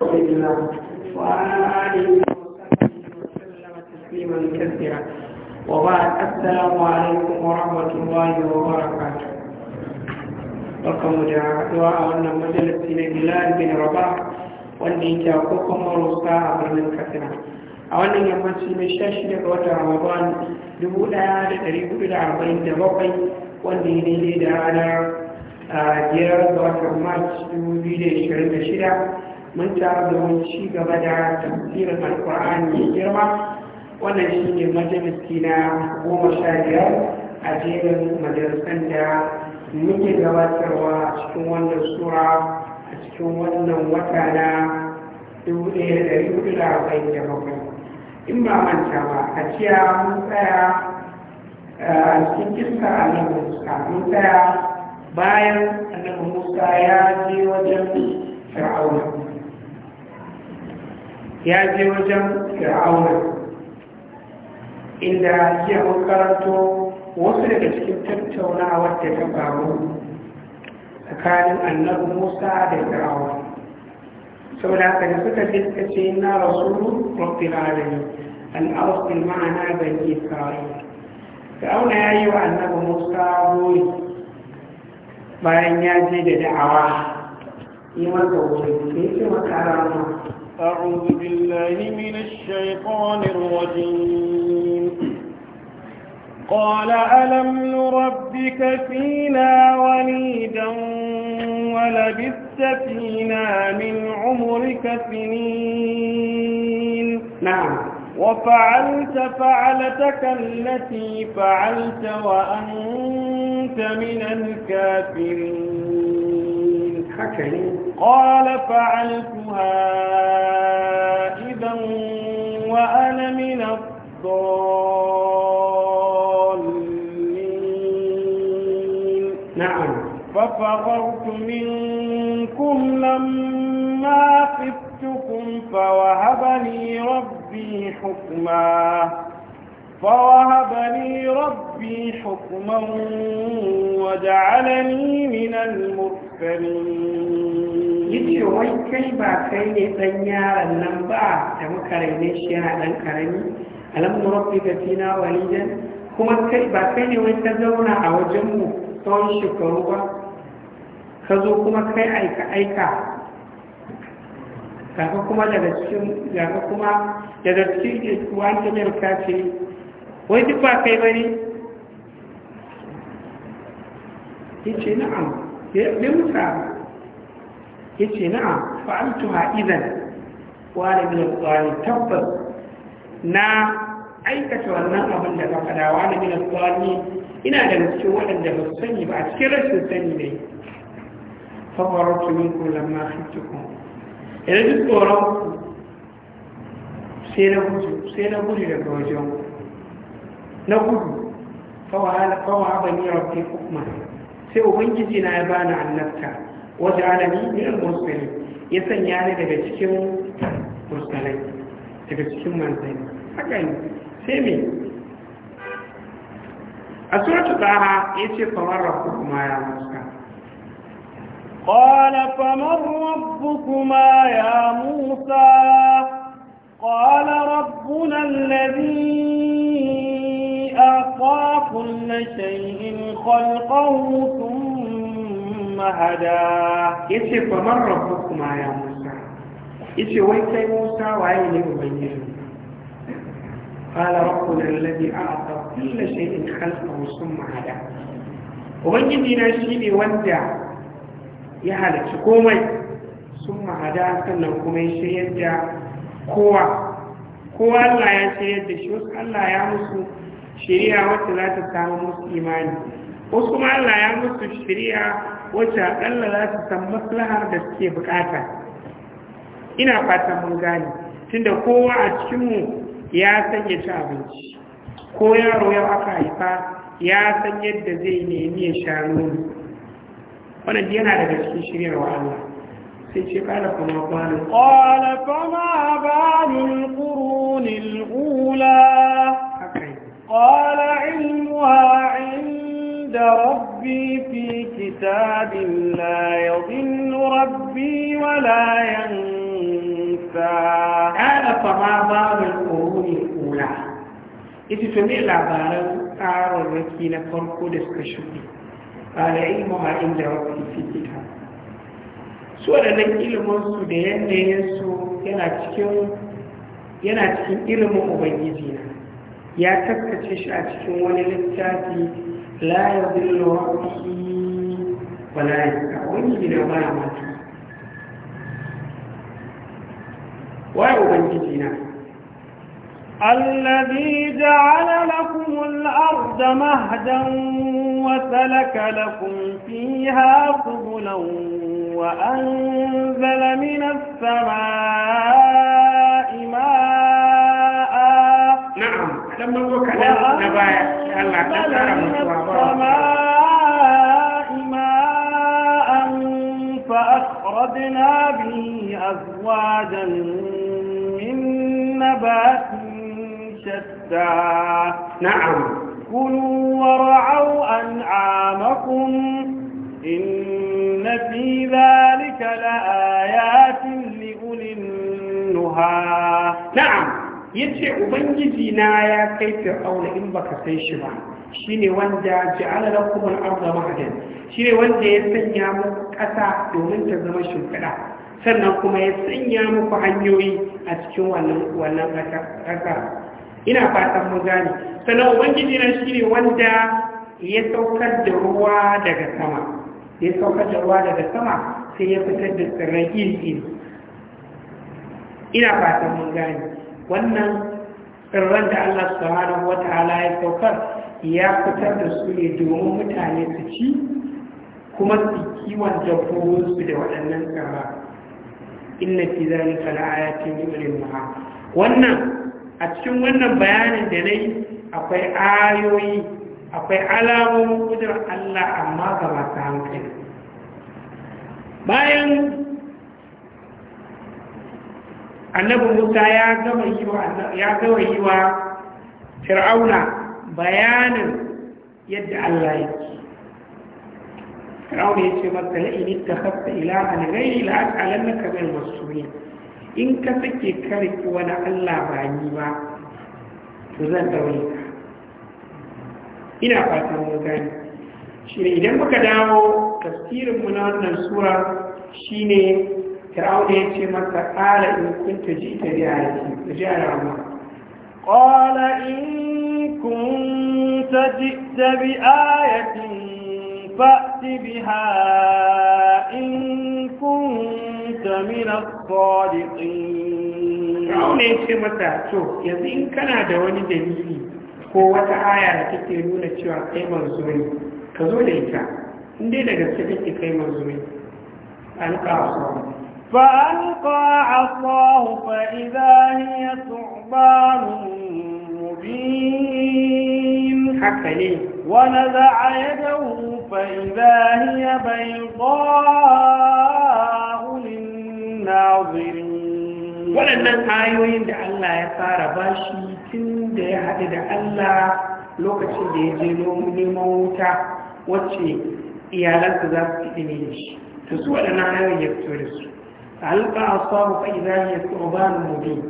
وعلى آله وصحبه وسلم تسليما كثيرا وبعد السلام عليكم ورحمة الله وبركاته barkanmu da haɗuwa a wannan majalisi na bilal bin rabah wanda yake a kokon marusa a birnin katsina a wannan yammaci mai sha shida ga watan ramadan dubu ɗaya da ɗari hudu da arba'in da bakwai wanda ya daidai da ranar biyar ga watan march dubu biyu da ishirin da shida mun taru domin ci gaba da tafsirin alkur'ani ya girma wannan shi ne majalisi na goma sha biyar a jerin majalisan da muke gabatarwa a cikin wannan sura a cikin wannan wata na dubu ɗaya da ɗari hudu da bai da bakwai in ba manta ba a ciya mun tsaya eh, a cikin a annabi musa mun tsaya bayan annabi musa ya je wajen fir'auna ya je wajen fir'auna inda ya karanto wasu daga cikin tattaunawar da ta faru tsakanin annabi musa da fir'auna saboda haka da suka fiska ce na rasulu rabbil alamin an arsil ma'ana bani isra'il fir'auna ya yi wa annabi musa buri bayan ya je da da'awa yi masa wuri sai ce masa rama أعوذ بالله من الشيطان الرجيم قال ألم نربك فينا وليدا ولبثت فينا من عمرك سنين نعم وفعلت فعلتك التي فعلت وأنت من الكافرين قال فعلتها إذا وأنا من الضالين نعم ففررت منكم لما خفتكم فوهبني ربي حكما فوهبني ربي حكما وجعلني من المرسلين كريم يجي وي كي با كي ني دان يارن نان با da muka raine shi yana dan karami alam nurabbika fina walidan kuma kai ba kai ne wai ka zauna a wajenmu tsawon shekaru ba ka zo kuma kai aika aika kaga kuma daga cikin daga kuma daga cikin wani jami'ar ka ce wai duk ba kai bane yace na'am ya ɗinka ya ce na'a fa'altuha idan wani min tsawani tabbas na aikata wannan abin da kafada wani min tsawani ina da cikin waɗanda ba su sani ba a cikin rashin sani ne fawarautu min kula ma fitikun idan duk tsoron sai na gudu sai na gudu daga wajen na gudu fawa haɓa ni rabbi kuma sai ubangiji na ya bani annabta wata alami ne a musulmi ya sanya ni daga cikin musulmi daga cikin manzanni haka ne sai me a suratul ya ce kamar kuma ya musa قال فمن ربكما يا موسى قال ربنا الذي كل شيء خلقه ثم هدى يتي فمن ربكما يا موسى يتي وين كان موسى وعين المبين قال ربنا الذي اعطى كل شيء خلقه ثم هدى ubangijina shi ne wanda ya halarci komai sun ma'ada sannan kuma ya shirya da kowa kowa Allah ya shirya da shi wasu Allah ya musu shari'a wacce za ta samu musu imani wasu kuma Allah ya musu shari'a wacce aƙalla za su san maslahar da suke bukata ina fatan mun gane tunda kowa a cikinmu ya san ya ci abinci ko yaro yau aka haifa ya san yadda zai nemi ya sha nono wannan yana daga cikin wa Allah sai ce kala kuma kwano qala fama balul qurunil ula قال علمها عند ربي في كتاب لا يضل ربي ولا ينسى هذا فما القرون الأولى إذا سمع لعبارة أعرى الركينة فرقو دسكشوكي قال علمها عند ربي في كتاب su waɗannan iliminsu da yanayinsu yana cikin yana cikin ilimin ubangiji ya taskace shi a cikin wani littafi la ya zillo rabbi a wani gida ba ya waye ubangiji na الذي جعل لكم الأرض مهدا وسلك لكم فيها قبلا وأنزل من السماء ماء نعم فأخرجنا به أزواجا من نبات شتى نعم كلوا ورعوا أنعامكم إن في ذلك لآيات لأولي النهى نعم yace ubangiji na ya kai fir'auna in baka sai shi ba shine wanda ala lakum al-ardha mahdan shine wanda ya sanya muku ƙasa domin ta zama shimfiɗa sannan kuma ya sanya muku hanyoyi a cikin wannan wannan ƙasa ina fatan mun gane sannan ubangiji na shine wanda ya saukar da ruwa daga sama ya saukar da ruwa daga sama sai ya fitar da tsirrai ina fatan mun gane wannan tsirran da Allah subhanahu wa ta'ala ya saukar ya fitar da su ne domin mutane su ci kuma su kiwon dabbobinsu da waɗannan tsirra inna fi zalika la'ayatin lil wannan a cikin wannan bayanin da nayi akwai ayoyi akwai alamomin gudun Allah amma ga masu hankali bayan annabi musa ya gama yi wa fir'auna bayanin yadda Allah yake fir'auna yace masa la in ittakhadta ilahan ghayri la as'alannaka min mas'ulin in ka sake karki wani Allah ba ni ba to zan daure ka ina fatan mun gani shi idan muka dawo tafsirin mu na wannan sura shine فرعون يتي مكة قال إن كنت جئت بآية جاء الله قال إن كنت جئت بآية فأت بها إن كنت من الصادقين فرعون يتي مكة شوف يزين كان دواني دليلي ko wata aya da take nuna cewa kai manzo ne ka zo da ita in dai da gaske kake kai manzo ne alƙawa فألقى عصاه فإذا هي ثعبان مبين ونزع يده فإذا هي بيضاء للناظرين waɗannan ayoyin da Allah ya fara bashi tun da ya haɗu da Allah lokacin da ya je neman wuta wacce iyalansa za su fi ne shi to su waɗannan ayoyin ya fito da su ألقى عصاه فإذا هي ثعبان مبين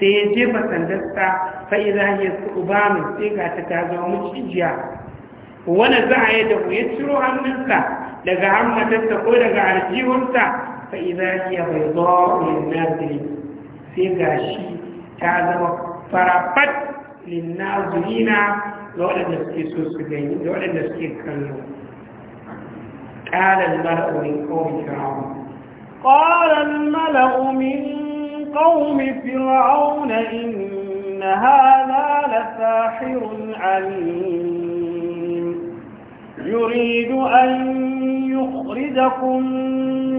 سيجيب سندستا فإذا هي ثعبان سيجا تتازو مجيجيا ونزع يده يسرع منك لقى عمّا تتقول لقى عرجيه انت فإذا هي بيضاء للناظرين سيجا شي تازو فرقت للنازلين لولا نسكيسوس جيني لولا نسكيس كنو قال المرء من قوم فرعون قال الملأ من قوم فرعون إن هذا لساحر عليم يريد أن يخرجكم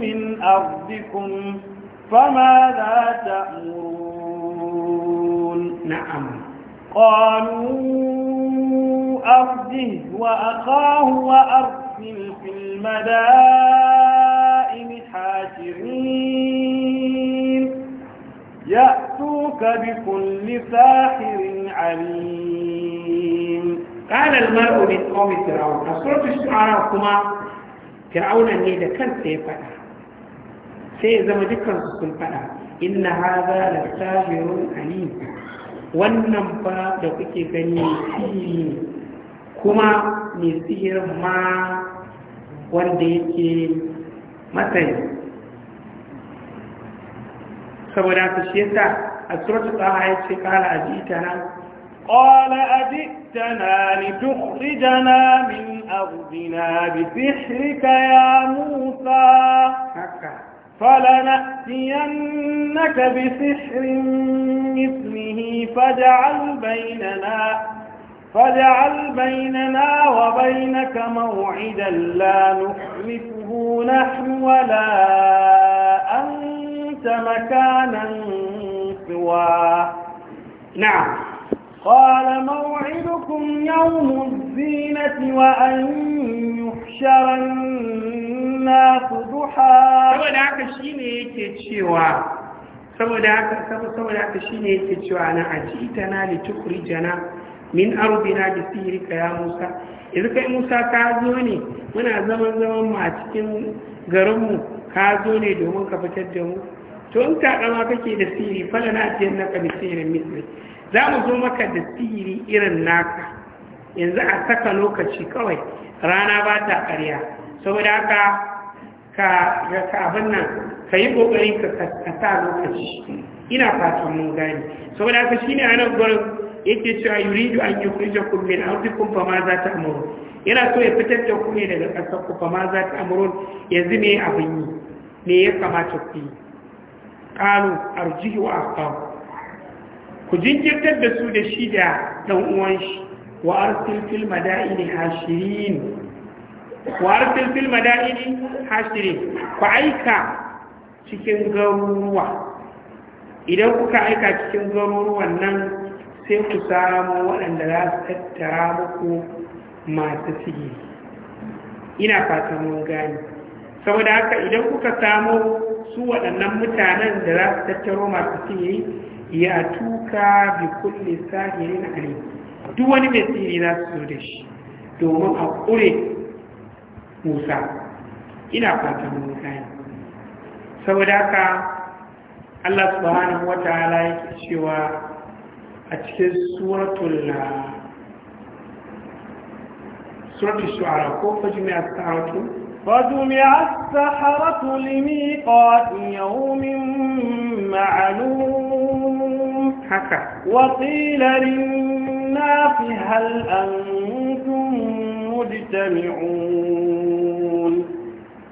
من أرضكم فماذا تأمرون نعم قالوا أرضه وأخاه وأرسل في المدائن الشوائم حاشرين يأتوك بكل ساحر عليم قال المرء من قوم فرعون سورة الشعراء كما فرعون أن يذكر سيفنا سيزم ذكر سلطنا إن هذا لساحر عليم wannan fa da kuke gani sihiri kuma mai sihirin ma wanda yake matsayi saboda haka shi yasa a suratul taha yace qala ajitana qala ajitana litukhrijana min ardina bi sihrika ya musa haka فلنأتينك بسحر مثله فاجعل بيننا فاجعل بيننا وبينك موعدا لا نخلفه نحن ولا أنت مكانا سواه نعم قال موعدكم يوم الزينة وأن يحشر الناس ضحى saboda haka shine yake cewa saboda haka saboda haka shine yake cewa na ajitana li tukhrijana min ardina bi sihrika ya Musa Musa ka zo ne muna zaman zaman mu a cikin garinmu ka zo ne domin ka fitar da mu to in takama kake da siri fala na tiyar na ka bisirin misli za mu zo maka da siri irin naka yanzu a saka lokaci kawai rana ba ta ƙarya saboda haka ka ga abin nan ka yi ƙoƙarin ka sa lokaci ina fatan mun gani saboda haka shine a nan gurin yake cewa yuridu an yi kurje kullum a wata kumfa ma za ta amuru yana so ya fitar da ku ne daga ƙasar ku ma za ta amurun yanzu me abin yi me ya kamata ku yi ƙalu arjihi a afkaw ku jinkirtar da su da shi da ɗan uwan shi wa arsil fil madaini hashirin wa arsil fil madaini hashirin ku aika cikin garuruwa idan kuka aika cikin garuruwan nan sai ku samu waɗanda za su tattara muku masu sihiri ina fatan mun gani saboda haka idan kuka samo su waɗannan mutanen da za su tattaro masu sihiri ya tuka bi kulle sahirin ali duk wani mai tsiri za su zo da shi domin a ƙure musa ina fatan mun gani saboda haka Allah subhanahu wa ta'ala yake cewa a cikin suratul سورة الشعراء فجمع السحرة فجمع السحرة لميقات يوم معلوم حكا وقيل للناس هل أنتم مجتمعون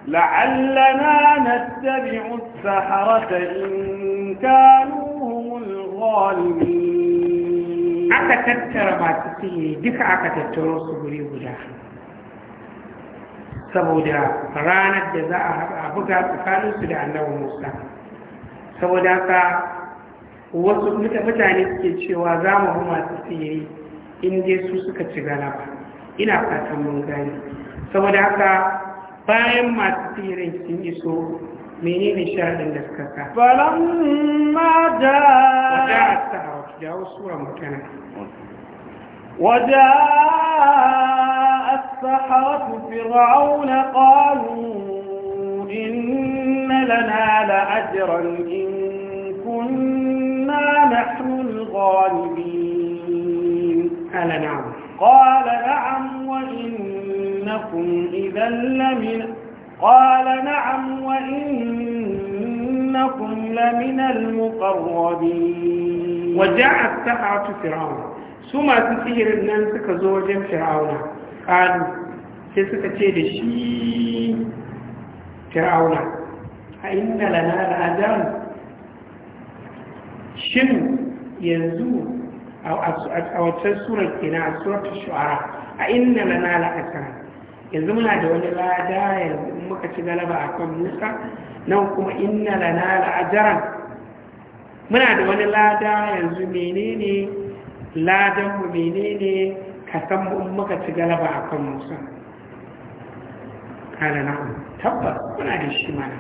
لعلنا نتبع السحرة إن كانوا هم الغالبين أكا تترى ما تسيه دفع أكا تترى صبري وجاحة saboda ranar da za a buga tsakaninsu da annabi musa saboda haka wasu mutane suke cewa za mu hu masu sihiri in dai su suka ci ba ina fatan mun gani saboda haka bayan masu sihirin sun iso ne sharadin da suka sa ma da da sa da jawo sura mutane وجاء السحرة فرعون قالوا إن لنا لأجرا إن كنا نحن الغالبين قال نعم قال نعم وإنكم إذا لمن قال نعم وإنكم لمن المقربين وجاء السحرة فرعون ثم تسير الناس كزوج فرعون kanu sai suka ce da shi fir'auna a inda lana da ajaru shin yanzu a wacce surar kenan a surar shu'ara a inda lana da ajaru yanzu muna da wani lada yanzu muka ci galaba a kan musa nan kuma inna lana la'ajaran muna da wani lada yanzu menene ladanmu menene ka san muka ci galaba a kan musa kala na tabbas kuna da shi mana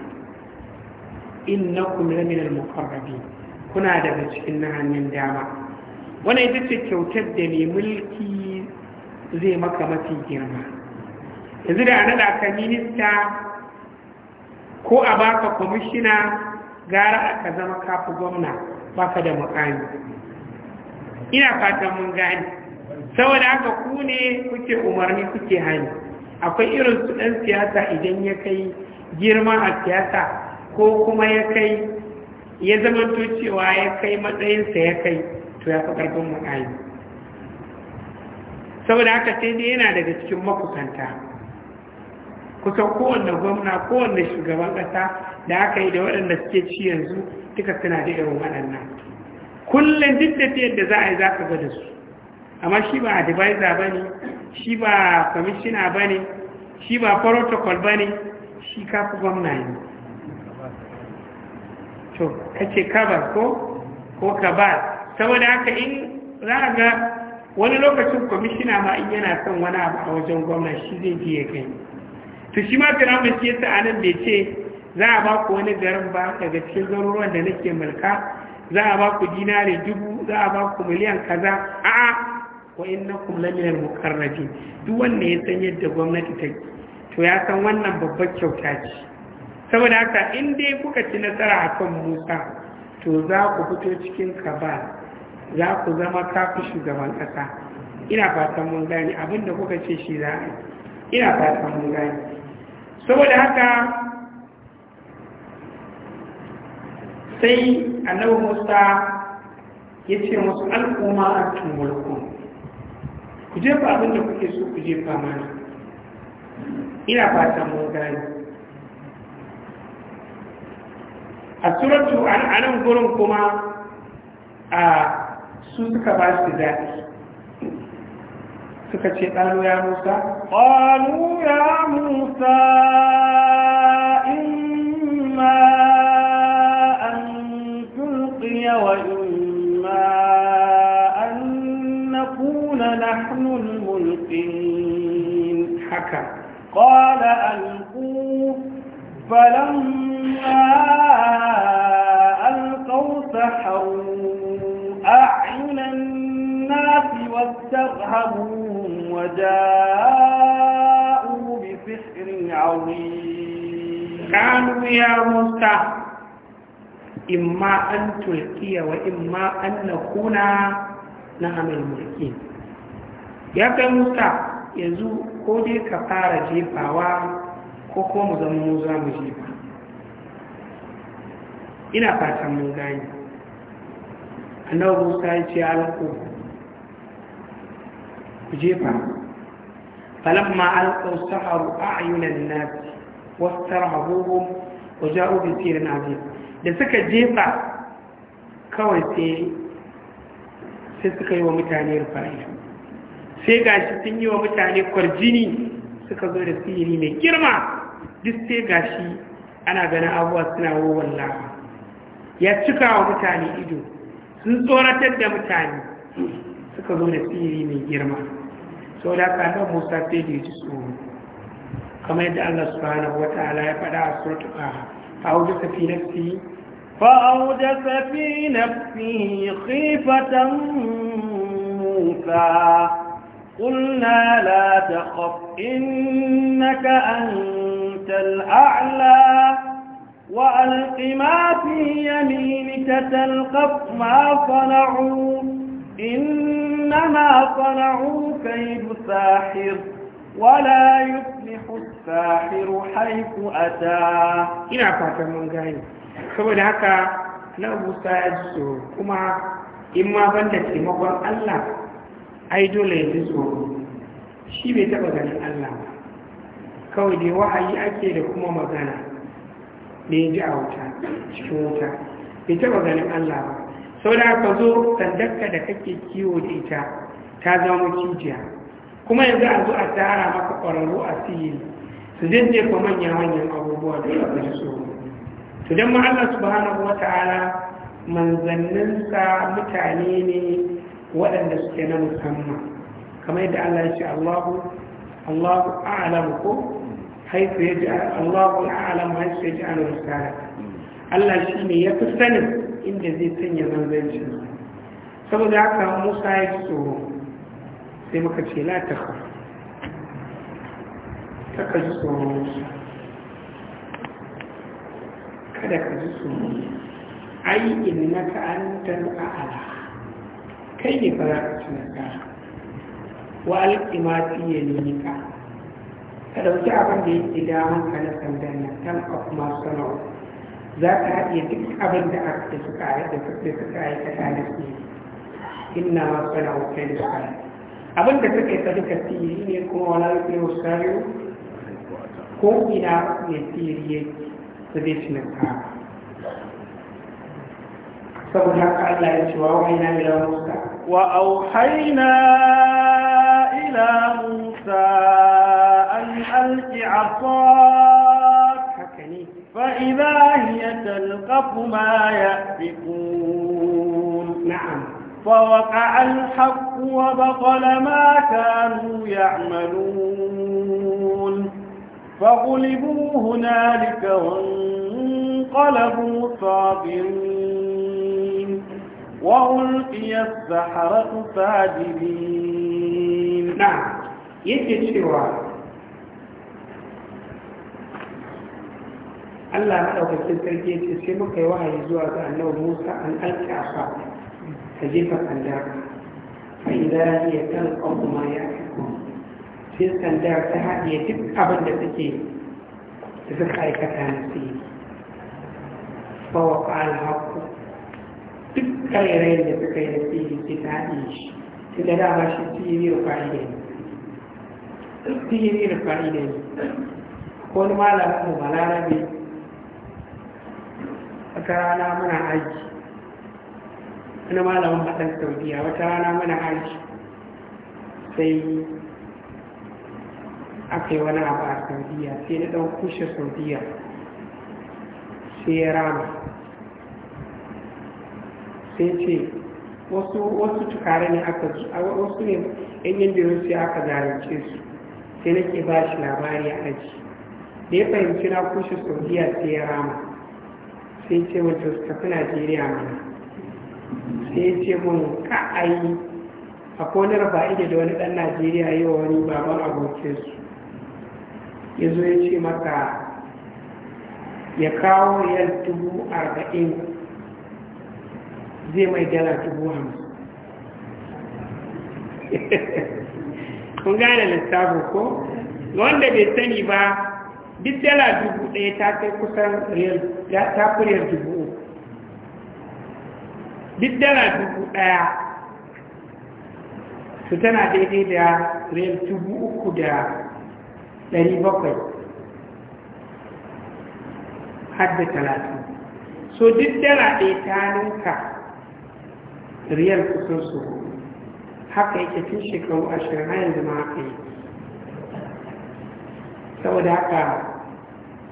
innakum lamin al-muqarrabin kuna daga cikin na hannun dama Wani ita ce kyautar da mai mulki zai maka mafi girma yanzu da an da ka minista ko a baka kwamishina gara aka zama kafi gwamna baka da mukami ina fatan mun gani saboda haka ku ne kuke umarni kuke hani akwai irin su ɗan siyasa idan ya kai girma a siyasa ko kuma ya kai ya zama cewa ya kai matsayinsa ya kai to ya fi ƙarfin mu'ayi saboda haka sai dai yana daga cikin makusanta kusa kowanne gwamna kowanne shugaban ƙasa da aka yi da waɗanda suke ci yanzu duka suna da irin waɗannan kullum duk da yadda za a yi za ka ga da su amma shi ba advisor ba ne shi ba commissioner ba ne shi ba protocol ba ne shi kafa gwamna ne to kace kabar ko ko kabar saboda haka in za a ga wani lokacin kwamishina ma in yana son wani abu a wajen gwamna shi zai ji ya kai to shi ma firamin shi yasa anan bai ce za a ba wani garin ba daga cikin garuruwan da nake mulka za a ba ku dinare dubu za a ba ku miliyan kaza a'a wa innakum laminal mukarrabin duk wanda ya san yadda gwamnati ta to ya san wannan babbar kyauta ce saboda haka in dai kuka ci nasara a kan Musa to za ku fito cikin kaba za ku zama kafi shugaban kasa ina fatan mun gane abinda kuka ce shi za a ina fatan mun gane saboda haka sai annabi Musa ya ce musu al'umma a tumulkun ku jefa abin da kuke so ku jefa mana ina fata mun gani a suratu a nan gurin kuma a su suka ba su daɗi suka ce ɗano ya musa ƙwano ya musa ma an tulƙiya wa ونحن الملقين حكى قال ألقوا فلما ألقوا سحروا أعين الناس واسترهبوهم وجاءوا بسحر عظيم قالوا يا موسى إما أن تلقي وإما أن نكون نعم الملكين ya kai musta yanzu ko dai ka fara jefawa ko ko mu zama mu za mu jefa ina fatan mun gani annabi musa ya ce alko ku jefa falamma alqaw saharu a'yunan nas wastarahuhum wa ja'u bi sirrin azim da suka jefa kawai sai sai suka yi wa mutane rufa'ido sai gashi sun yi wa mutane kwarjini suka zo da sihiri mai girma duk sai gashi ana ganin abuwa suna wowan lafa ya cika wa mutane ido sun tsoratar da mutane suka zo da sihiri mai girma sau da kanar musa sai da ya ci tsoro kamar yadda allah hana wata ala ya faɗa a suratul tafi a'udhu bi nafsihi فأوجس na fi ƙifatan Musa. قلنا لا تخف إنك أنت الأعلى وألق ما في يمينك تلقف ما صنعوا إنما صنعوا كيد ساحر ولا يفلح الساحر حيث أتى إلى فاتن من غاية saboda haka نبو abu sa ya إما in ma الله ai dole ya ji tsoro shi bai taɓa ganin Allah ba kawai dai wa'ayi ake da kuma magana da ya a wuta cikin wuta bai taɓa ganin Allah ba sau da aka zo sandarka da kake kiwo da ita ta zama cijiya kuma yanzu a zo a tara maka ƙwararru a sihiri su zai je ka manya manyan abubuwa da ya ji so to don ma Allah subhanahu wa ta'ala manzanninsa mutane ne waɗanda suke na musamman kamar yadda Allah ya ce Allahu Allahu a'lamu ko haifu ya ji Allahu a'lamu haifu ya ji an risala Allah shi ne ya fi sanin inda zai sanya manzancin saboda haka Musa ya ji tsoro sai muka ce la ta ka ji tsoro Musa kada ka ji tsoro ai ka antal a'la kai ne fara ka cikin ka wa alƙimati ya nemi ka ka ɗauki abin da yake daman ka na sandar na tan of masonau za ka haɗe duk abin da aka suka da suka aikata da su inna masonau kai da suka abin da suka yi ta duka siri ne kuma wani alƙi wasu ko ina ya siri ya zai ci ka فبحق أن لا يسوى إلى موسى وأوحينا إلى موسى أن ألك عصاك فإذا هي تلقف ما يأفكون نعم فوقع الحق وبطل ما كانوا يعملون فغلبوا هنالك وانقلبوا صابرون وألقي السحرة ساجدين نعم يكتشوا Allah maɗaukacin sarki ya ce sai muka wahayi zuwa ga annabi Musa an alƙi a fa ka jefa sanda fa idan ya kan kuma ya aiko sai sanda ta haɗiye duk abin da da suka aikata na sai karerai da suka yi da fili sai ta haɗe shi su da dama shi sihiri da da yi sihiri da da yi ko wani malamin mu larabe wata rana muna aiki wani malamin haɗar saudiya wata rana muna aiki sai aka yi wani abu a saudiya sai na ɗan kushe saudiya sai ya rama sai ce wasu tukari tukare ne aka wasu ne yan yin aka zalunce su sai nake ba shi labari a aji da ya fahimci na kushe saudiya sai ya rama sai ce wata su tafi najeriya mana sai ce mun ka a akwai wani raba ida da wani dan najeriya yi wa wani baban abokinsu ya zo ya ce maka ya kawo riyal dubu arba'in zai mai dala dubu hamsin kun gane lissafin ko wanda bai sani ba duk dala dubu ɗaya ta kai kusan tafuriyar dubu duk dala dubu ɗaya su tana daidai da riyar dubu uku da ɗari bakwai har da talatin so duk dala ɗaya ta ninka riyal kusan su haka yake tun shekaru ashirin a yanzu ma haka yi saboda haka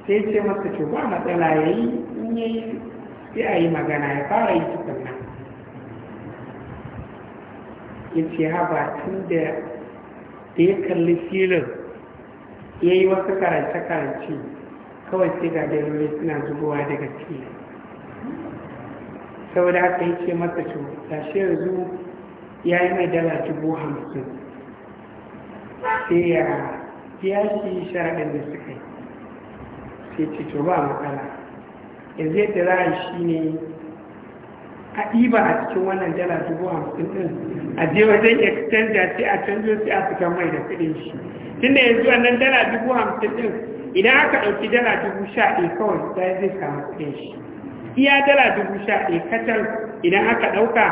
sai ce masa to ba matsala ya yi in ya yi sai a yi magana ya fara yi tukunna ya ce haba tun da da ya kalli filin ya yi wasu karance-karance kawai sai ga dalilai suna zubowa daga filin saboda haka yake masa to tashi yanzu ya yi mai dala dubu hamsin sai ya biya shi sharaɗin da suka yi sai ce to ba matsala yanzu yadda za a shi ne a ɗiba a cikin wannan dala dubu hamsin ɗin a je wajen extender sai a canjo sai a fita mai da kuɗin shi tunda yanzu wannan dala dubu hamsin ɗin idan aka ɗauki dala dubu sha ɗaya kawai sai zai samu kuɗin shi iya dala dubu sha ɗaya kacal idan aka ɗauka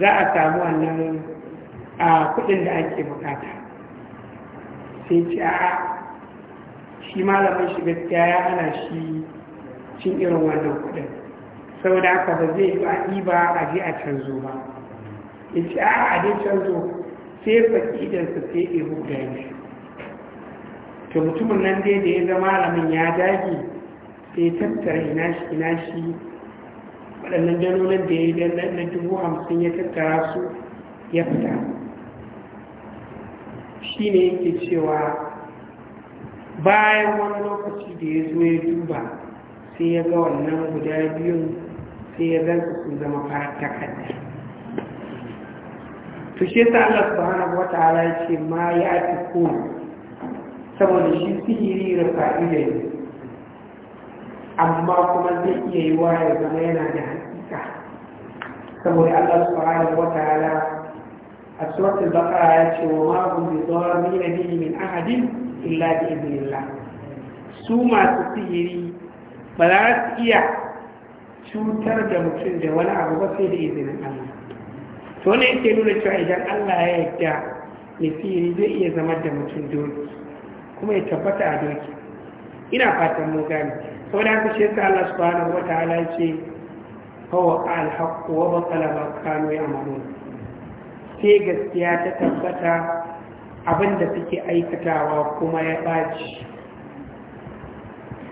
za a samu wannan a kuɗin da ake bukata sai ce a shi malamin shi gaskiya ya hana shi cin irin wannan kuɗin saboda haka ba zai yi a ba a je a canzo ba ya ce a a dai canzo sai faƙi su sai ihu gani to mutumin nan dai da ya zama malamin ya dage sai tattara ina shi ina shi waɗannan janonin da ya yi na dubu hamsin ya tattara su ya fita shi ne yake cewa bayan wani lokaci da ya zo ya duba sai ya ga wannan guda biyun sai ya zanta su zama fara takarda to shi ta Allah hana wata'ala ya ce ma ya fi kuma saboda shi sihiri rafa'i da ne amma kuma zai iya yi wa ya zama yana da hakika saboda Allah subhanahu wa ta'ala a suratul baqara ya ce wa ma hum bi dharrin bihi min ahadin illa bi idnillah su masu sihiri ba za su iya cutar da mutum da wani abu ba sai da izinin Allah to ne yake nuna cewa idan Allah ya yarda mai sihiri zai iya zama da mutum doki kuma ya tabbata a doki ina fatan mu gane wani haka shi ta Allah subhanahu wa ta'ala yake fawa alhaqqu wa batala sai gaskiya ta tabbata abinda suke aikatawa kuma ya baci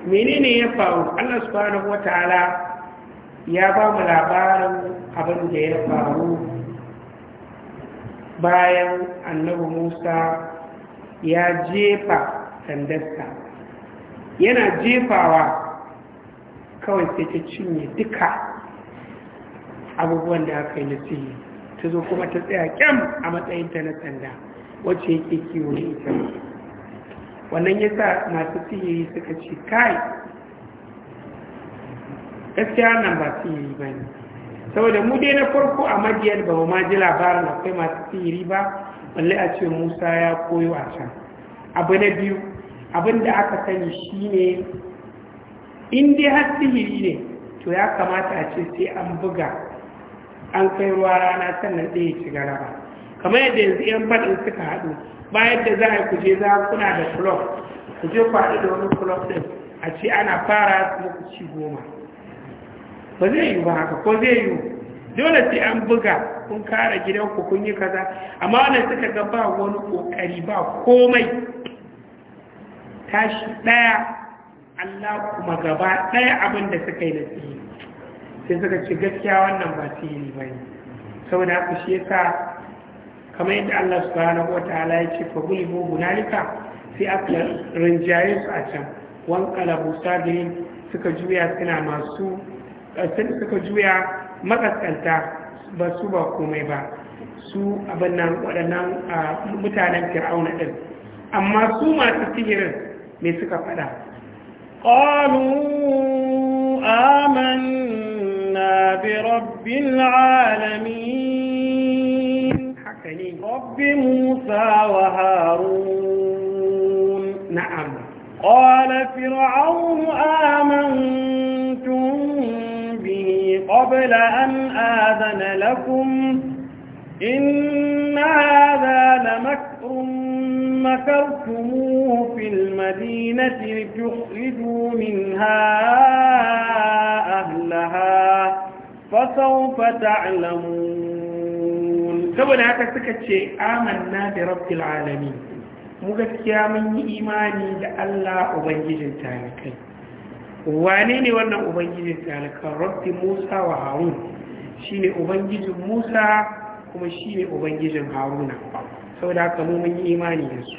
menene ya faru Allah subhanahu wa ta'ala ya ba mu labarin abin da ya faru bayan annabi Musa ya jefa sandarsa yana jefawa kawai sai ta cinye duka abubuwan da aka yi na sihiri ta zo kuma ta tsaya kyam a matsayin ta na sanda wacce yake kiwo ne ita wannan ya sa masu sihiri suka ce kai gaskiya nan ba sihiri ba ne saboda mu dai na farko a madiyar ba ma ji labarin akwai masu sihiri ba wallai a ce musa ya koyo a can abu na biyu abin da aka sani shine in dai har sihiri ne to ya kamata a ce sai an buga an kai ruwa rana sannan ɗaya ci galaba kamar yadda yanzu yan faɗin suka haɗu bayan da za a yi kuje za kuna da kulob kuje je ku haɗu da wani kulob ɗin a ce ana fara su muku ci goma ba zai yi ba haka ko zai yi dole sai an buga kun kara gidanku kun yi kaza amma wannan suka ga ba wani kokari ba komai tashi ɗaya Allah kuma gaba ɗaya abin da suka yi da sai suka ce gaskiya wannan ba yi ba ne saboda haka shi yasa kamar yadda Allah subhanahu wataala ya ce faguli na hunalika sai aka rinjaye su a can wan kalabu sabirin suka juya suna masu suka juya makaskanta ba su ba komai ba su abin nan waɗannan mutanen fir'auna ɗin amma su masu sihirin me suka faɗa قالوا آمنا برب العالمين رب موسى وهارون نعم قال فرعون آمنتم به قبل أن آذن لكم إن هذا لمكر مكرتموه في المدينة لتخرجوا منها أهلها فسوف تعلمون قبل هكا سكتشي آمنا برب العالمين مغسكيا من إيماني لألا أبنجد تالكي وانيني وانا أبنجد تالكي رب موسى وهارون شيني أبنجد موسى وما شيني أبنجد هارون saboda haka mu mun yi imani da su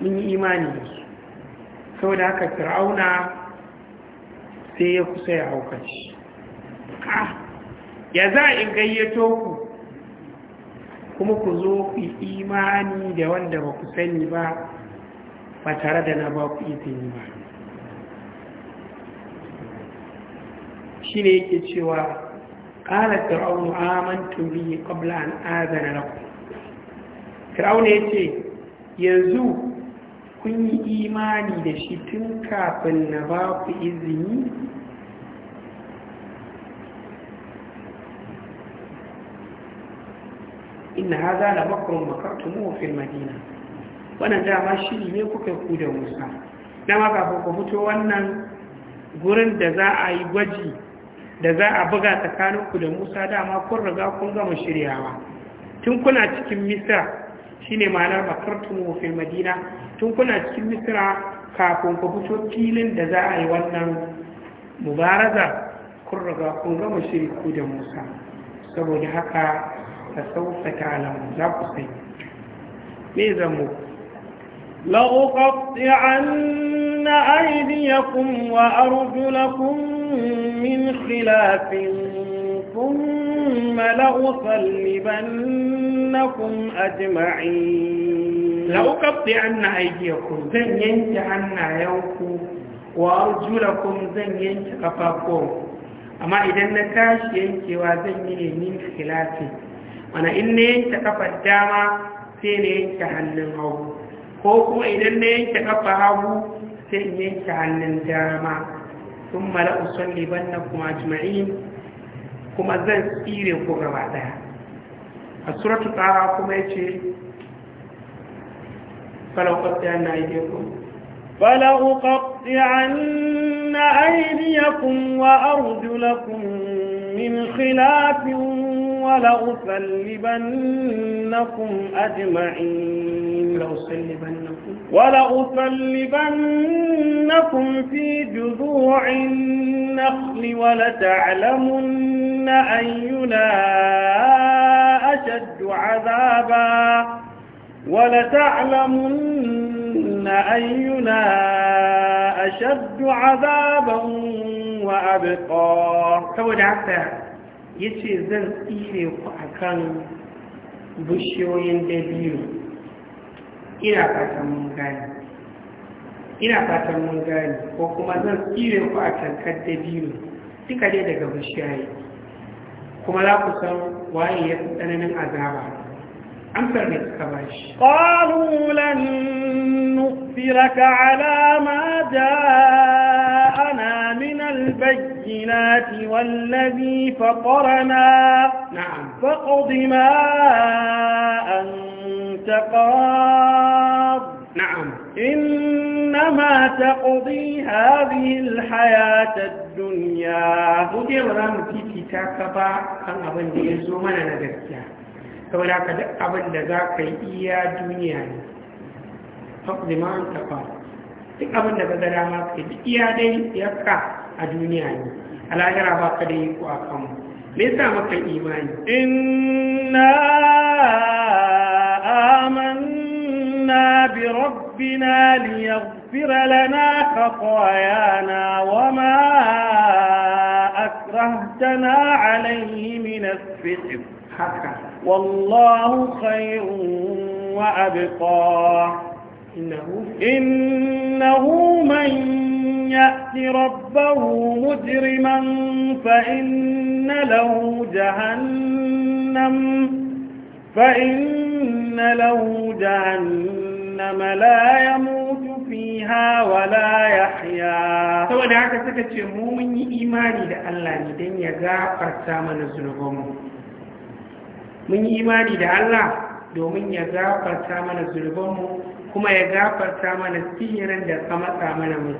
mun yi imani da su saboda haka fir'auna sai ya kusa ya haukaci ya za in gayyato ku kuma ku zo ku yi imani da wanda ba ku sani ba ba tare da na ba ku izini ba shi ne yake cewa ƙala fir'aunu amantu bi qabla an azana lakum fir'aunu yace yanzu kun yi imani da shi tun kafin na ba ku izini inna hadha la makrun makartumuhu fil madina da ma shiri ne kuka ku da Musa dama kafin ku fito wannan gurin da za a yi gwaji da za a buga tsakaninku da musa dama kun riga kun gama shiryawa tun kuna cikin misra shine ma'anar makartun fil madina tun kuna cikin misra kafin ku fito filin da za a yi wannan mubaraza kun riga kun gama shirku da musa saboda haka ta sauka ta alamu za ku sai me zan mu لأقطعن أيديكم وأرجلكم من خلاف ثم لأصلبنكم أجمعين لأقطعن أيديكم زن ينتعن يوكم وأرجلكم زن ينتقفاكم amma idan na tashi yankewa zan yi ne min khilafi mana in na yanke kafar dama sai na yanke hannun hagu ko kuma idan na yanke kafa hagu sai in yanke hannun dama sun kuma kuma zan tsire ku gaba daya a suratu tsara kuma ya ce falauƙaɗɗiyar na yi ku na ainihin wa arjulakun min khilafin ولأصلبنكم أجمعين ولأصلبنكم, في جذوع النخل ولتعلمن أينا أشد عذابا ولتعلمن أينا أشد عذابا وأبقى سوى ya ce zan tsire ku a kan bushiyoyin dabino ina fatan mun gani ko kuma zan tsire ku a tankar dabino duka dai daga bushiyoyi kuma za ku san waye ya fi tsananin azaba amsar ne suka ba shi ƙalulan nufiraka alama da البينات والذي فطرنا نعم فاقض ما أنت قاض نعم إنما تقضي هذه الحياة الدنيا مجرد رمتي تكتبا أن أبن دي الزمن نجسيا فولا قد أبن ذاك إيا دنيا فاقض ما أنت قاض duk ذاك da ka ga dama ka yi a duniya ne al'ajara ba ka da yi ku a kanmu me yasa maka imani inna amanna bi rabbina liyaghfira lana khatayana wama akrahtana alayhi min as-sihr haka wallahu khayrun وأبقى إنه, إنه من يأت ربه مجرما فإن له جهنم فإن له جهنم لا يموت فيها ولا يحيا سواء دعاك سكتش مؤمن إيماني دا الله لدن يغافر سامن الزنوبهم من إيماني دا الله domin ya gafarta mana zurbanmu kuma ya gafarta mana sihirin da ka matsa mana mai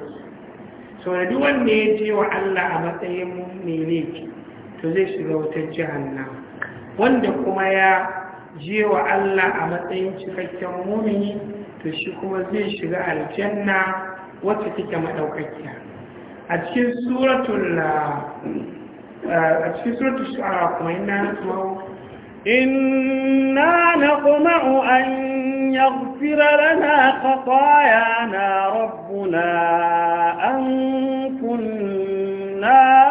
sau wanda ya je wa Allah a matsayin mummine ne to zai shiga wutar jihanna wanda kuma ya je wa Allah a matsayin cikakken mumini to shi kuma zai shiga aljanna wacce take madaukakiya a cikin suratul a cikin suratul shu'ara kuma ina إنا نطمع أن يغفر لنا خطايانا ربنا أن كنا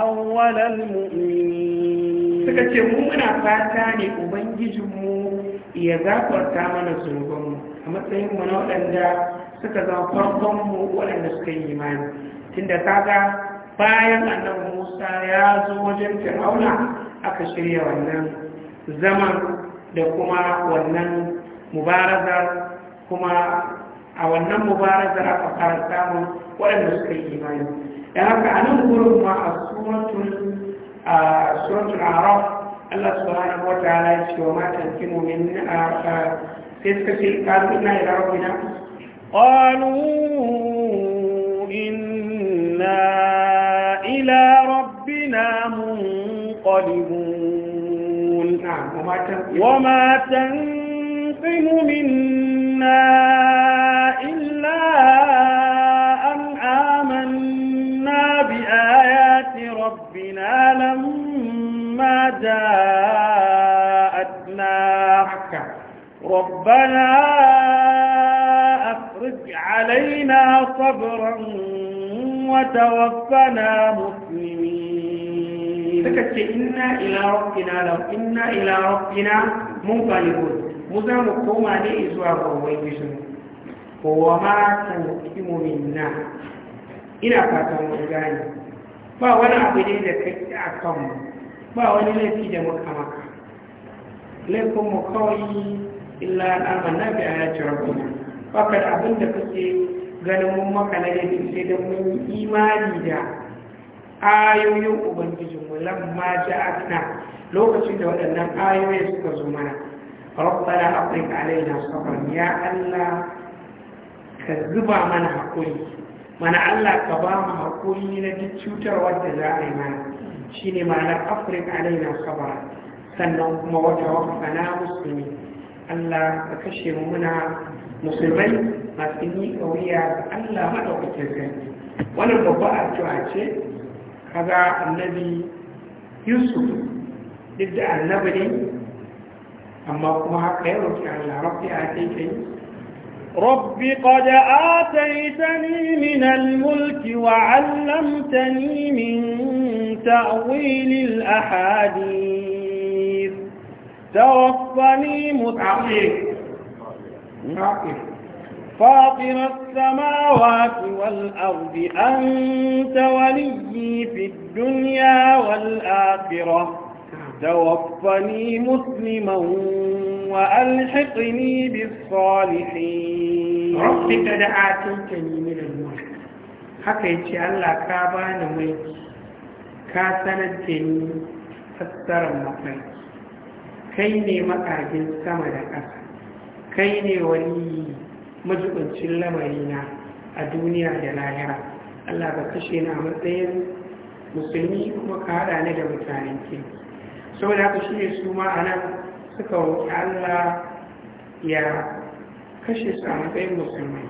أول المؤمنين سكتي مؤمنة فاتاني أبنججمو ya zafarta mana zunubanmu a matsayinmu na waɗanda suka zama farkonmu waɗanda suka yi imani tunda kaga bayan annabi musa ya zo wajen fir'auna aka shirya wannan zaman da kuma wannan mubaraza kuma a wannan mubarazar aka fara samun waɗanda suka yi imani da haka a nan gurin ma a suratul araf Allah subhanahu wa ta'ala ya ce wa matan kimo a sai suka ce kalu ina ila rabbina qalu inna ila rabbina mun ينقلبون نعم، وما تنقم منا إلا أن آمنا بآيات ربنا لما جاءتنا ربنا أفرج علينا صبرا وتوفنا مسلمين suka ce ina ila rabbina la inna ila rabbina munqalibun mu za mu koma ne zuwa ga ubangijin kowa ma tanqimu minna ina fatan mun gane ba wani abu ne da kake a kanmu ba wani laifi da muka maka laifin mu kawai illa al'amanna bi ayati rabbina fakat abin da kake ganin mun maka na laifi sai da mun imani da ayoyin ubangijinmu lamma ja'atna lokacin da waɗannan ayoyi suka zo mana rabbana afrika alaina sabran ya Allah ka zuba mana haƙuri, mana Allah ka ba mu haƙuri na duk cutar wadda za a yi mana Shi ne ma'anar afrika alaina sabran sannan kuma wata wakana musulmi Allah ka kashe mu muna musulmai masu yi kauya ga Allah madaukakin sarki wannan babba addu'a ce هذا الذي يوسف ضد النبي أما أمها خير في على ربي آتيك رب قد آتيتني من الملك وعلمتني من تأويل الأحاديث توفني متعقل فاطر السماوات والأرض أنت ولي في الدنيا والآخرة توفني مسلما وألحقني بالصالحين رب قد آتيتني من الملك haka yace Allah ka bani mulki ka sanar da ni fassarar mafarki kai ne makagin sama da ƙasa kai ne wani majibancin lamarina a duniya da lahira Allah ka kashe na a matsayin musulmi kuma ka haɗa ni da mutanen ke saboda haka shi ne su nan, suka wuce Allah ya kashe su a matsayin musulmi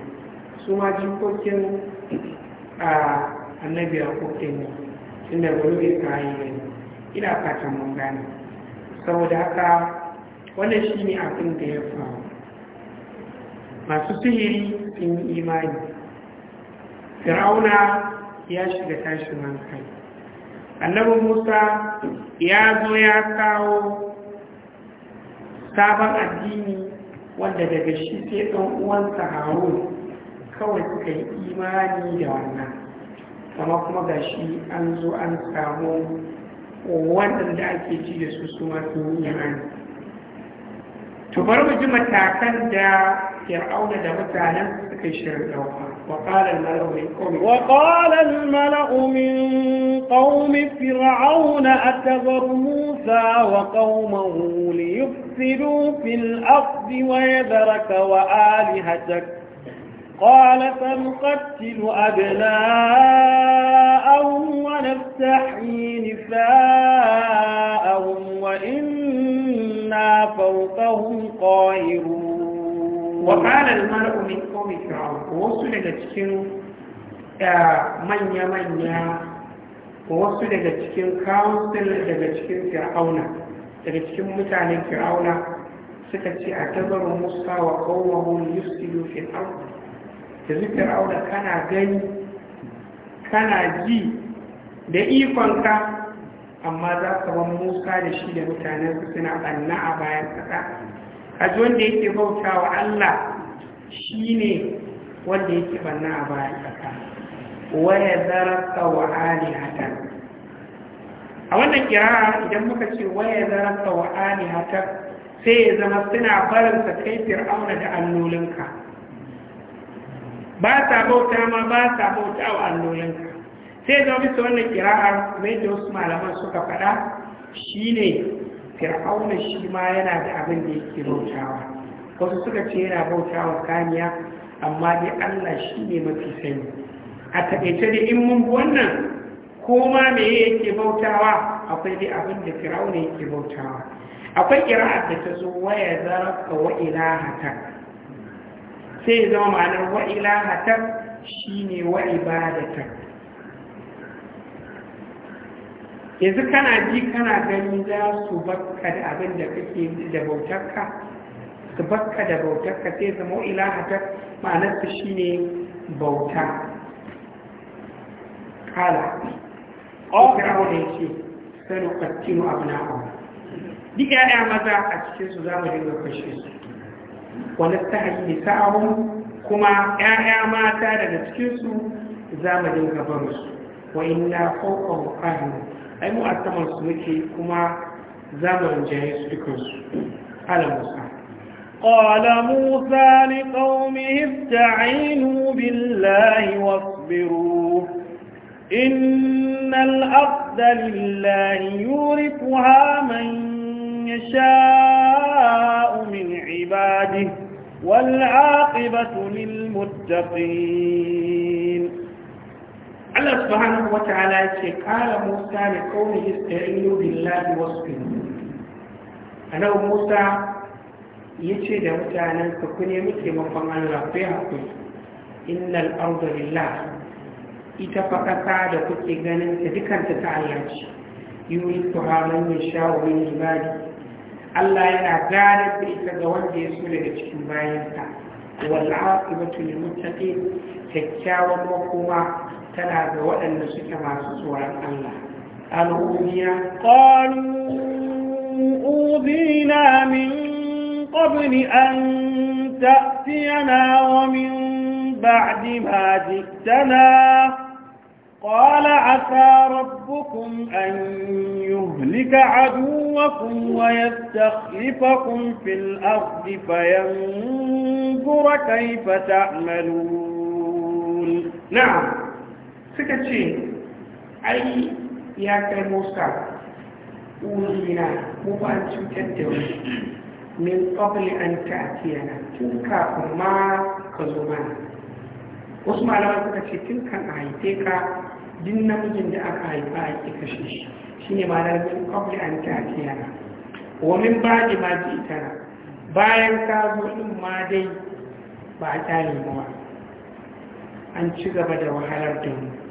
su ma jikokin a annabi a kokin ne da gurbe kayi ne ina fatan mun gane saboda haka wannan shi ne abin da ya faru masu sihiri sun yi imani firauna ya shiga tashin hankali annabi musa ya zo ya kawo sabon addini wanda daga shi sai ɗan uwansa harun kawai suka yi imani da wannan kama kuma ga shi an zo an samu waɗanda ake ci da su su masu imani to bari mu ji matakan da فرعون ده متعلم وقال الملأ من قوم وقال الملأ من قوم فرعون أتذر موسى وقومه ليفسدوا في الأرض ويذرك وآلهتك قال فنقتل أبناءهم ونفتحي نساءهم وإنا فوقهم قاهرون wa ƙalar mar'u wasu daga cikin manya-manya wasu daga cikin kawunsil daga cikin fir'auna daga cikin mutanen fir'auna suka ce a tabarin musa wa yi yusufu fir'aun da fir'auna kana gani kana ji da ikonka amma za ka ban musa da shi da mutanen suna ɓanna a bayan kaɗa. kaji wanda yake bauta wa Allah shi ne wanda yake banna a bayan ƙasa waya zarasta wa alihatan a wannan kira idan muka ce waya zarasta wa alihatan sai ya zama suna faransa kai fir'auna da allolinka ba sa bauta ma ba sa bauta wa allolinka sai zama bisa wannan kira'ar mai da wasu malaman suka faɗa shi ne fir'auna shi ma yana da abin da yake bautawa wasu suka ce yana bautawa kaniya amma dai allah shi ne mafi sani a taƙaice da in mun wannan ko ma me yake bautawa akwai dai abin da fir'auna yake bautawa akwai kira'a da ta zo waya zarafka wa ilahata sai zama ma'anar wa ilahata shine wa ibadata yanzu kana ji kana gani za su bakka da abin da kake da bautarka su bakka da bautarka sai zama ilahatar ma'anarsa shi ne bauta kala ƙwaƙira oh. wadda yake ce sanu ƙattinu abu na'awa duk ya'ya maza a cikinsu za mu dinga kashe su wani ta hanyar sa'ahun kuma ‘ya'ya mata daga cikinsu za mu dinga barinsu wa ina fauƙon ƙahimu ai mu su muke kuma zamanin jaye su dukansu ala musa قال موسى لقومه استعينوا بالله واصبروا إن الأرض لله يورثها من يشاء من عباده والعاقبة للمتقين Allah subhanahu wa ta'ala ya ce kala Musa da kauni ista'inu billahi wasbiru annabi Musa ya ce da mutanen ku ne muke mafan Allah ku hakuri innal arda lillah ita fa kasa da kuke ganin ta dukanta ta Allah ce yuri ku halan ya sha'u ibadi Allah yana gane da ita ga wanda ya so daga cikin bayanta wal aqibatu lil muttaqin kyakkyawan makoma tana ga waɗanda suke masu tsoron Allah al'ubiya qalu udina min qabli an ta'tiyana wa min ba'di ma ji'tana قال عسى ربكم أن يهلك عدوكم ويستخلفكم في الأرض فينظر كيف تعملون نعم suka ce ai ya kai musa wurina ko ba cutar da wani min ƙwabli an ta'atiyana tun kafin ma ka zo mana wasu malaman suka ce tun kan a haife ka duk namijin da aka haifa a ƙi kashe shi shi ne ma'anar min ƙwabli an ta'atiyana wa min ba ji ma ji itara bayan ka zo in ma dai ba a ƙyale ba an ci gaba da wahalar da mu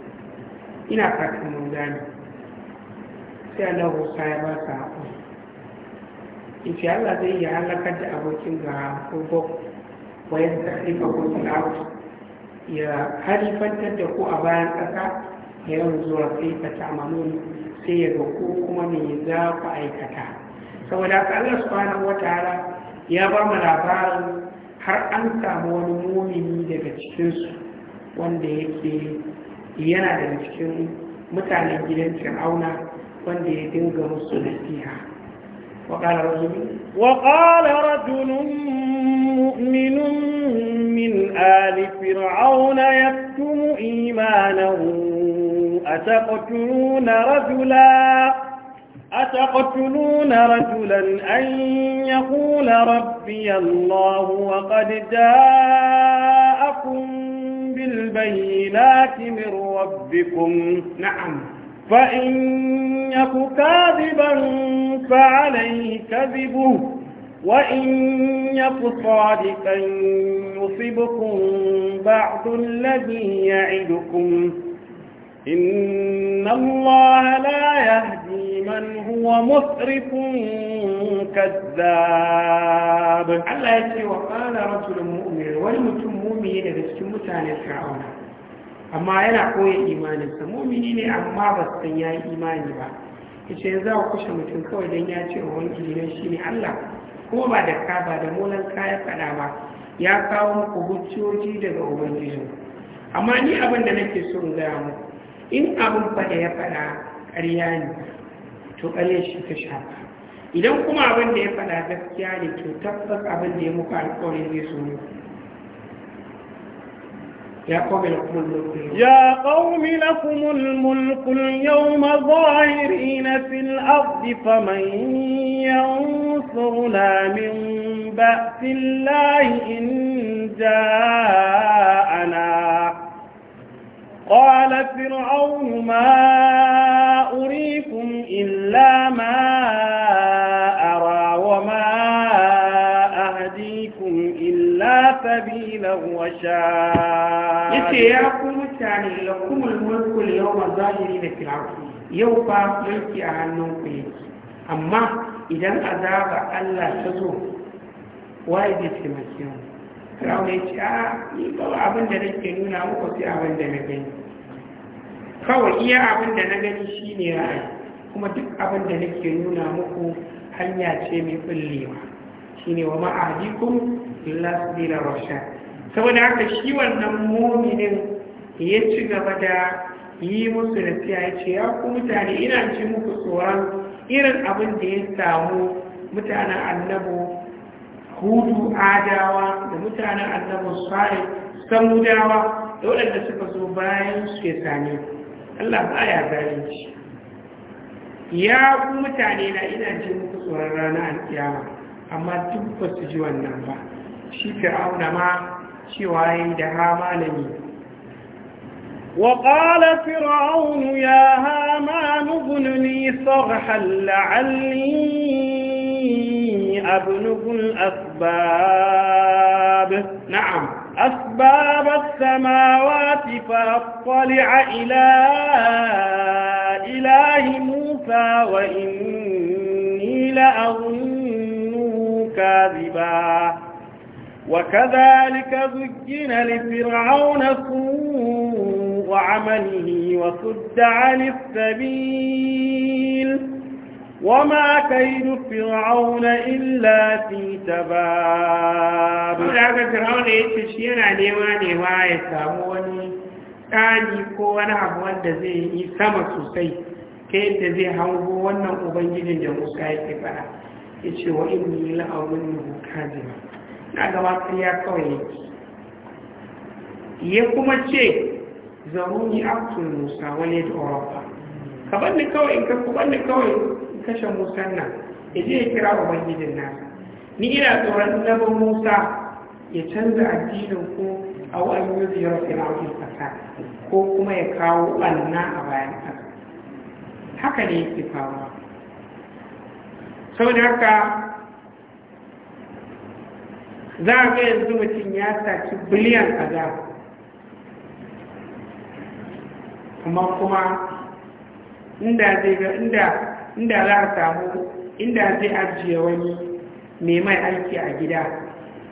ina fatan mun sai Allah ya ba ka haƙuri yace Allah zai iya halakar da abokin ga ko wayar da tsarifa ko tilawa ya halifantar da ku a bayan kasa ya yi zuwa sai ka tamanu sai ya ga kuma me za ku aikata saboda haka Allah subhanahu wataala ya ba mu labarin har an samu wani mumini daga cikinsu wanda yake yana da cikin mutanen gidan fir'auna wanda ya dinga musu nasiha وقال رجل وقال رجل مؤمن من آل فرعون يكتم إيمانه أتقتلون رجلا أتقتلون رجلا أن يقول ربي الله وقد جاء بالبينات من ربكم نعم فإن يك كاذبا فعليه كذبه وإن يك صادقا يصبكم بعض الذي يعدكم إن الله لا يهدي من هو مسرف كذاب الله يتي وقال رجل مؤمن والمتم مؤمن بس متاني فرعون amma yana koya imaninsa mumini ne amma ba san ya yi imani ba ce za ku kushe mutum kawai don ya ce ruwan gidan shi ne Allah ko ba da ka ba da molan kayan faɗa ba ya kawo muku hujjoji daga ubangiji amma ni abin da nake so in gaya muku in abin fada ya fada ƙarya ne to ƙarya shi ta shafa idan kuma abin da ya fada gaskiya ne to tabbas abin da ya muku alƙawari zai so ne يا قوم لكم الملك يا قوم لكم الملك اليوم ظاهرين في الأرض فمن ينصرنا من بأس الله إن جاءنا قال فرعون ما أريكم إلا ما أرى وما أهديكم إلا سبيل الرشاد يا قوم الثاني يعني لكم الملك اليوم الظاهرين في العرض يوم ملك أهنم فيك أما إذا أذاب الله تزور وايد يتمكن firawuna ya ce a yi kawai abin da nake nuna muku sai abin da na gani kawai iya abin da na gani shi ne ra'ayi kuma duk abin da nake nuna muku hanya ce mai ɓullewa shi ne wa ma'adikun lasbila rasha saboda haka shi wannan mominin ya ci gaba da yi musu da siya ya ce ya ku mutane ina ci muku tsoron irin abin da ya samu mutanen annabu hudu adawa da mutanen annabin sare samudawa da waɗanda suka zo bayan su ya Allah ba ya zalunci ya ku mutane na ina ji muku tsoron rana alkiyama amma duk ba su ji wannan ba shi ka auna ma cewa da ha malami وقال فرعون يا هامان ابن لي صرحا لعلي أبلغ الأسباب نعم أسباب السماوات فأطلع إلى إله موسى وإني لأظنه كاذبا وكذلك زجن لفرعون سوء عمله وصد عن السبيل وما كيد فرعون إلا في تباب ولكن فرعون يتشير عليواني وآية ساموني تاني كوانا عبوان دزي إسامة سوسي كي تزي حوضو وانا أبنجد جموسا يتفرع يتشي وإني لأظنه كاذبا نعلم أقريا كوي يكما تشي زروني أقتل موسى وليد أوروبا كبني كوي كبني كوي kashe musan nan ya je ya kira ubangijin nasa ni ina tsoron nabin musa ya canza addinin ko a wani yuzi ya na wajen fasa, ko kuma ya kawo ɓanna a bayan ƙasa haka ne yake faruwa sau da haka za a ga yanzu mutum ya saki biliyan a kaza amma kuma inda zai ga inda inda za a samu inda zai ajiye wani mai mai aiki a gida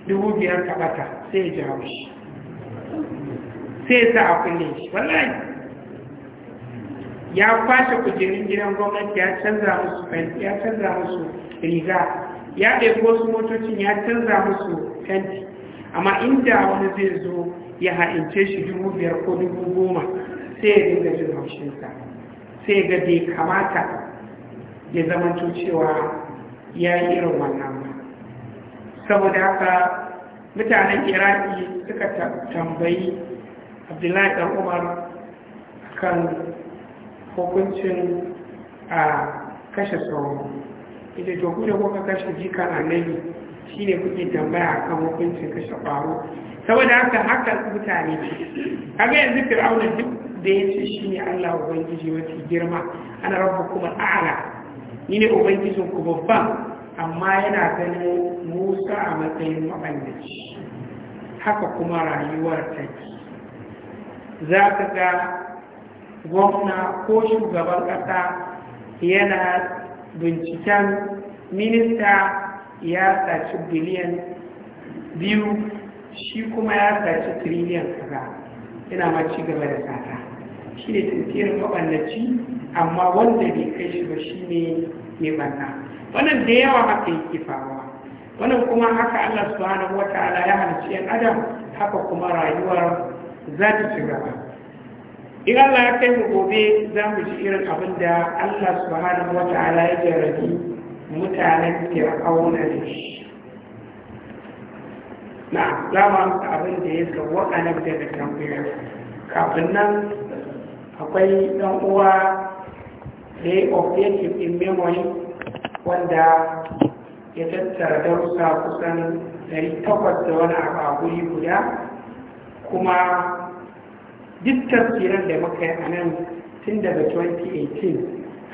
dubu biyar kabata sai ya jawo shi sai sa a kulle shi wallahi ya kwashe kujerun gidan gwamnati ya canza musu fenti ya canza musu riga ya ɗaifi wasu motocin ya canza musu fenti amma inda wani zai zo ya ha'ince shi dubu biyar ko dubu goma sai ya dinga jin haushinsa sai ga bai kamata ya zama cewa ya yi irin wannan ba saboda haka mutanen iraki suka tambayi abdullahi dan umar kan hukuncin a kashe tsohon ita to kuda kuka kashe jikan annabi shi ne kuke tambaya kan hukuncin kashe ƙwaro saboda haka haka mutane ce kaga yanzu fir'auna duk da ya ce shi ne allah ubangiji mafi girma ana rabu kuma a'ala ni ne ubangijin ku babban amma yana ganin musa a matsayin mabangaci haka kuma rayuwar take za ka ga gwamna ko shugaban ƙasa yana binciken minista ya saci biliyan biyu shi kuma ya saci triliyan kaza yana ma ci gaba da sata shi ne tuntirin maɓallaci amma wanda bai kai shi ba shi ne mai banna wannan da yawa haka yi kifawa. wannan kuma haka Allah subhanahu wataala ya halicci yan adam haka kuma rayuwar za ta ci gaba in Allah ya kai mu gobe za mu ji irin abin da Allah subhanahu wataala ya jarabi mutanen fir'auna da shi na za mu amsa abin da ya sauwa a daga tambayar kafin nan akwai ɗan uwa day of worship in memory wanda ya tattara darussa kusan 800 da wani abu a guri guda kuma duk tafsirar da muka yi a nan tun daga 2018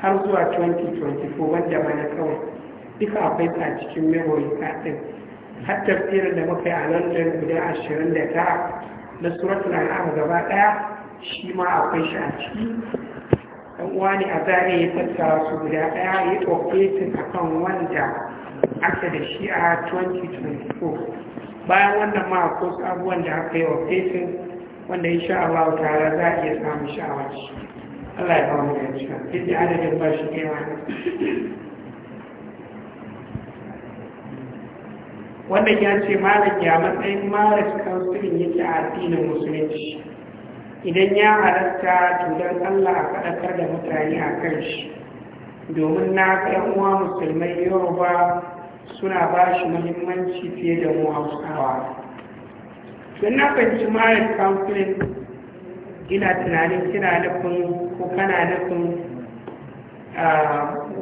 har zuwa 2024 wanda mana kawai duka akwai a cikin memory kaɗin har tafsirar da muka yi a london guda 29 na suratunan abu gaba ɗaya shi ma akwai shi a ciki dan uwa ne a zare ya tattara su guda ɗaya ya operating akan wanda aka da shi a 2024 bayan wannan ma akwai abubuwan da aka yi operating wanda insha Allah ta'ala za a iya samu sha'awar shi Allah ya kawo mu da shi duk da adadin ba shi kai wani wanda ya ce malam ya matsayin maras kansulin yake a addinin musulunci idan ya halatta tudan allah a faɗakar da mutane a kan shi domin na ɗan uwa musulmai yoruba suna ba shi muhimmanci fiye da mu hausawa don na fahimci mayan kamfanin ina tunanin kina nufin ko kana nufin a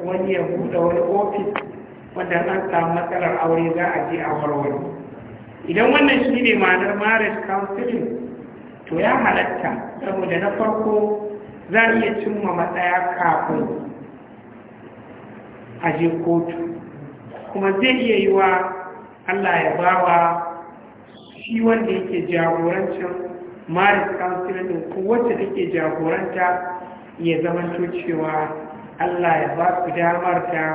wani ya buɗe wani ofis wanda an samu matsalar aure za a je a warware idan wannan shi ne ma'anar marriage counseling to ya halatta saboda na farko za a iya cimma matsaya kafin a je kotu kuma zai iya yi wa allah ya ba wa shi wanda yake jagorancin maris kansilin ko wacce take jagoranta ya zama cewa allah ya ba su damar ta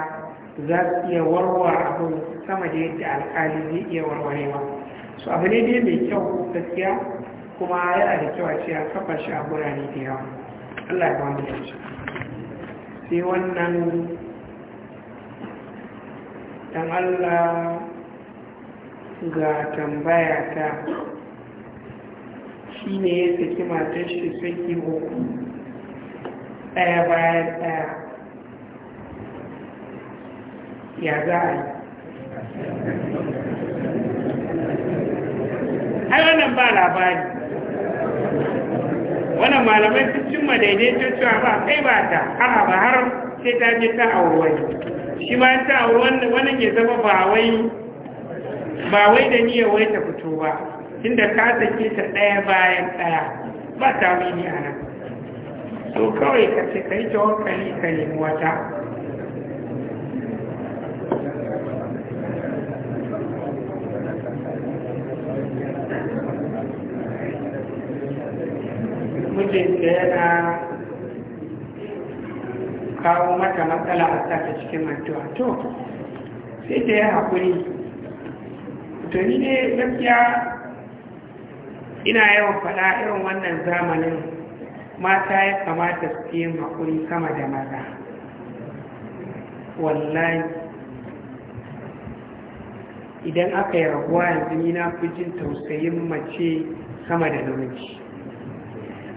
za su iya warware abu sama da yadda alkali zai iya warwarewa su abu ne dai mai kyau gaskiya kuma yana da kyau a ce a kafa shi a birane da yawa allah ya bamu da shi sai wannan dan allah ga tambaya ta shi ne ya saki matar shi saki uku ɗaya bayan ɗaya ya za a yi ai wannan ba labari wannan malamai sun cimma daidaito cewa ba kai ba ta a'a ba har sai ta je ta auri shi ma ta auri wannan ya zama ba wai da niyyar wai ta fito ba inda ka sake ta ɗaya bayan ɗaya ba ta wuni a nan to kawai ka ce ka yi tawakkali ka nemi wata kawo mata matsala a sata cikin addu'a to sai da ya haƙuri to ni ne gaskiya ina yawan faɗa irin wannan zamanin mata ya kamata su yi haƙuri sama da maza wallahi idan aka yi raguwa yanzu ni na fi jin tausayin mace sama da namiji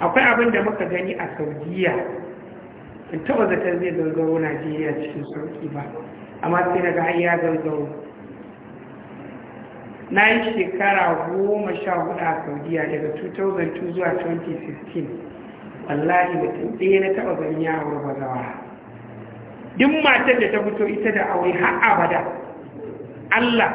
akwai abin da muka gani a saudiya in taba zaton zai gargaro najeriya cikin sauki ba amma sai daga an gargaro na yi shekara goma sha hudu a saudiya daga 2002 zuwa 2016 wallahi mutum ɗaya na taba ganin ya aure ba zawa duk matar da ta fito ita da aure har abada allah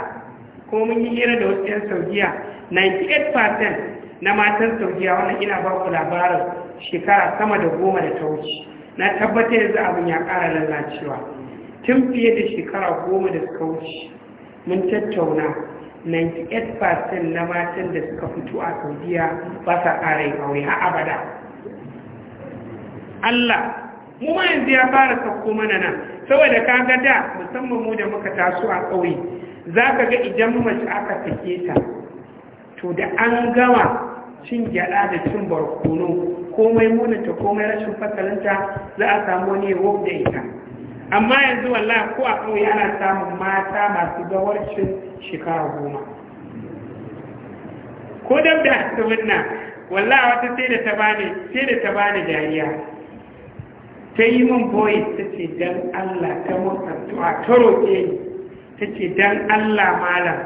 ko mun yi hira da wasu 'yan saudiya 98% na matan saudiya wannan ina ba ku labarin shekara sama da goma da ta wuce na tabbatar yanzu abin ya ƙara lalacewa tun fiye da shekara goma da suka wuce mun tattauna 98% na matan da suka fito a saudiya ba sa ƙara yin aure har abada allah mu ma yanzu ya fara sauko mana nan saboda kaga da musamman mu da muka taso a ƙauye za ka ga idan mace aka sake ta to da an gama cin gyada da cin barkono komai munanta komai rashin fasalinta za a samu wani ne da ita amma yanzu wallahi ko a kawai ana samun mata masu gawarcin shekara goma ko dab da su nan wallahi wata sai da ta bani sai da ta bani dariya ta yi min boye ta ce don Allah ta ta roƙe ta ce don Allah malam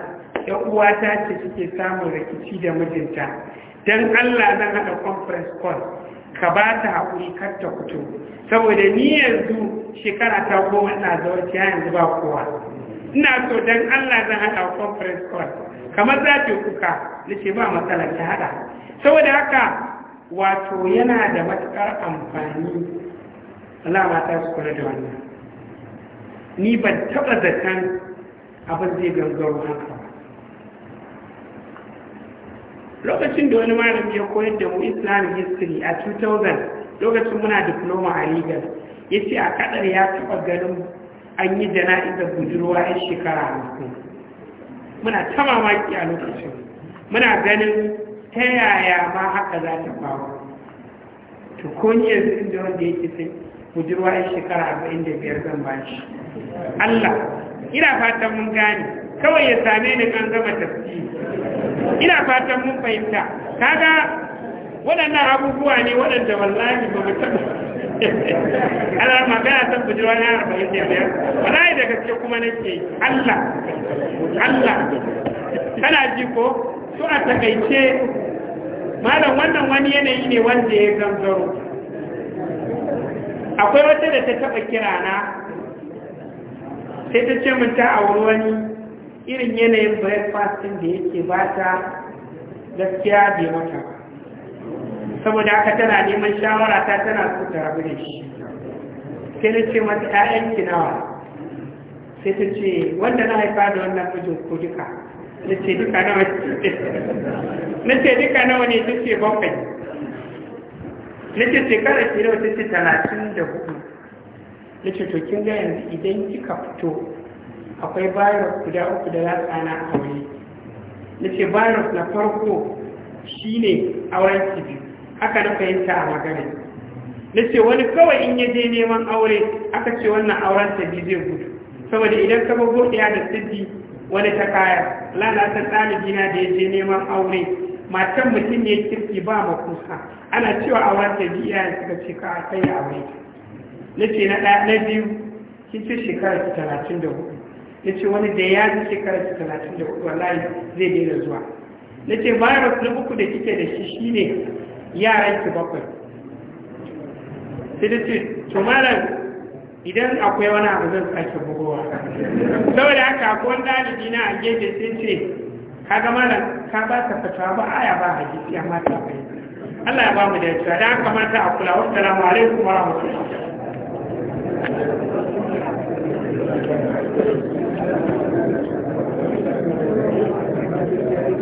ya uwata ce suke samun rikici da mijinta don Allah zan haɗa conference call ka ba ta haƙuri kar ta fito saboda ni yanzu shekara ta goma ina da wacce yanzu ba kowa ina so don Allah zan haɗa conference call kamar za ta kuka na ce ba matsala ta haɗa saboda haka wato yana da matuƙar amfani Allah ta su kula da wannan ni ban taɓa zaton abin zai gangaro haka lokacin da wani malami ya koyar da mu islamic history a 2000 lokacin muna diploma a legal ya ce a kadar ya taba ganin an yi jana'izar budurwa yan shekara hamsin muna ta mamaki a lokacin muna ganin ta yaya ma haka za ta faru to ko ni yanzu inda wanda yake sai budurwa yan shekara arba'in da biyar zan ba shi allah ina fatan mun gane kawai ya same ni kan gama tafsiri ina fatan mun fahimta kaga waɗannan abubuwa ne waɗanda wallahi ba mu taɓa Allah magana ta bujirwa na Ba da biyar wallahi da gaske kuma nake Allah Allah kana ji ko to a takaice malam wannan wani yanayi ne wanda ya gangaro akwai wata da ta taɓa kirana sai ta ce mun ta auri wani irin yanayin breakfast ɗin da yake ba ta gaskiya bai mata saboda haka tana neman shawara ta tana so ta rabu da shi sai na ce mata ƴaƴan nawa sai ta ce wanda na haifa da wannan mijin ko duka na ce duka nawa na ce duka nawa ne ta ce bakwai na ce shekara shi nawa ta ce talatin da hudu na ce to kin ga yanzu idan kika fito akwai virus guda uku da latsa na aure na ce virus na farko shine auren tv haka na fahimta a magana na ce wani kawai in yaje neman aure aka ce wannan auren biyu zai gudu saboda idan ka bago da siddi wani ta kaya lalata ɗalibi na da yaje neman aure matan mutum ne kirki ba makusa ana cewa auren biyu iyayen suka ce ka kai aure na ce na biyu kin ce shekara talatin da hudu ya ce wani da ya zai shekara talatin da hudu wallahi zai daina zuwa na ce virus na uku da kike da shi shi yaran ki bakwai sai da ce to malam idan akwai wani abu zan sake bugowa saboda haka akwai wani ɗalibi na a sai ce ka ga malam ka ba ka fata ba aya ba hadisi amma ta bai Allah ya ba mu da cewa da aka mata a kula wassalamu alaikum wa rahmatullahi Thank you.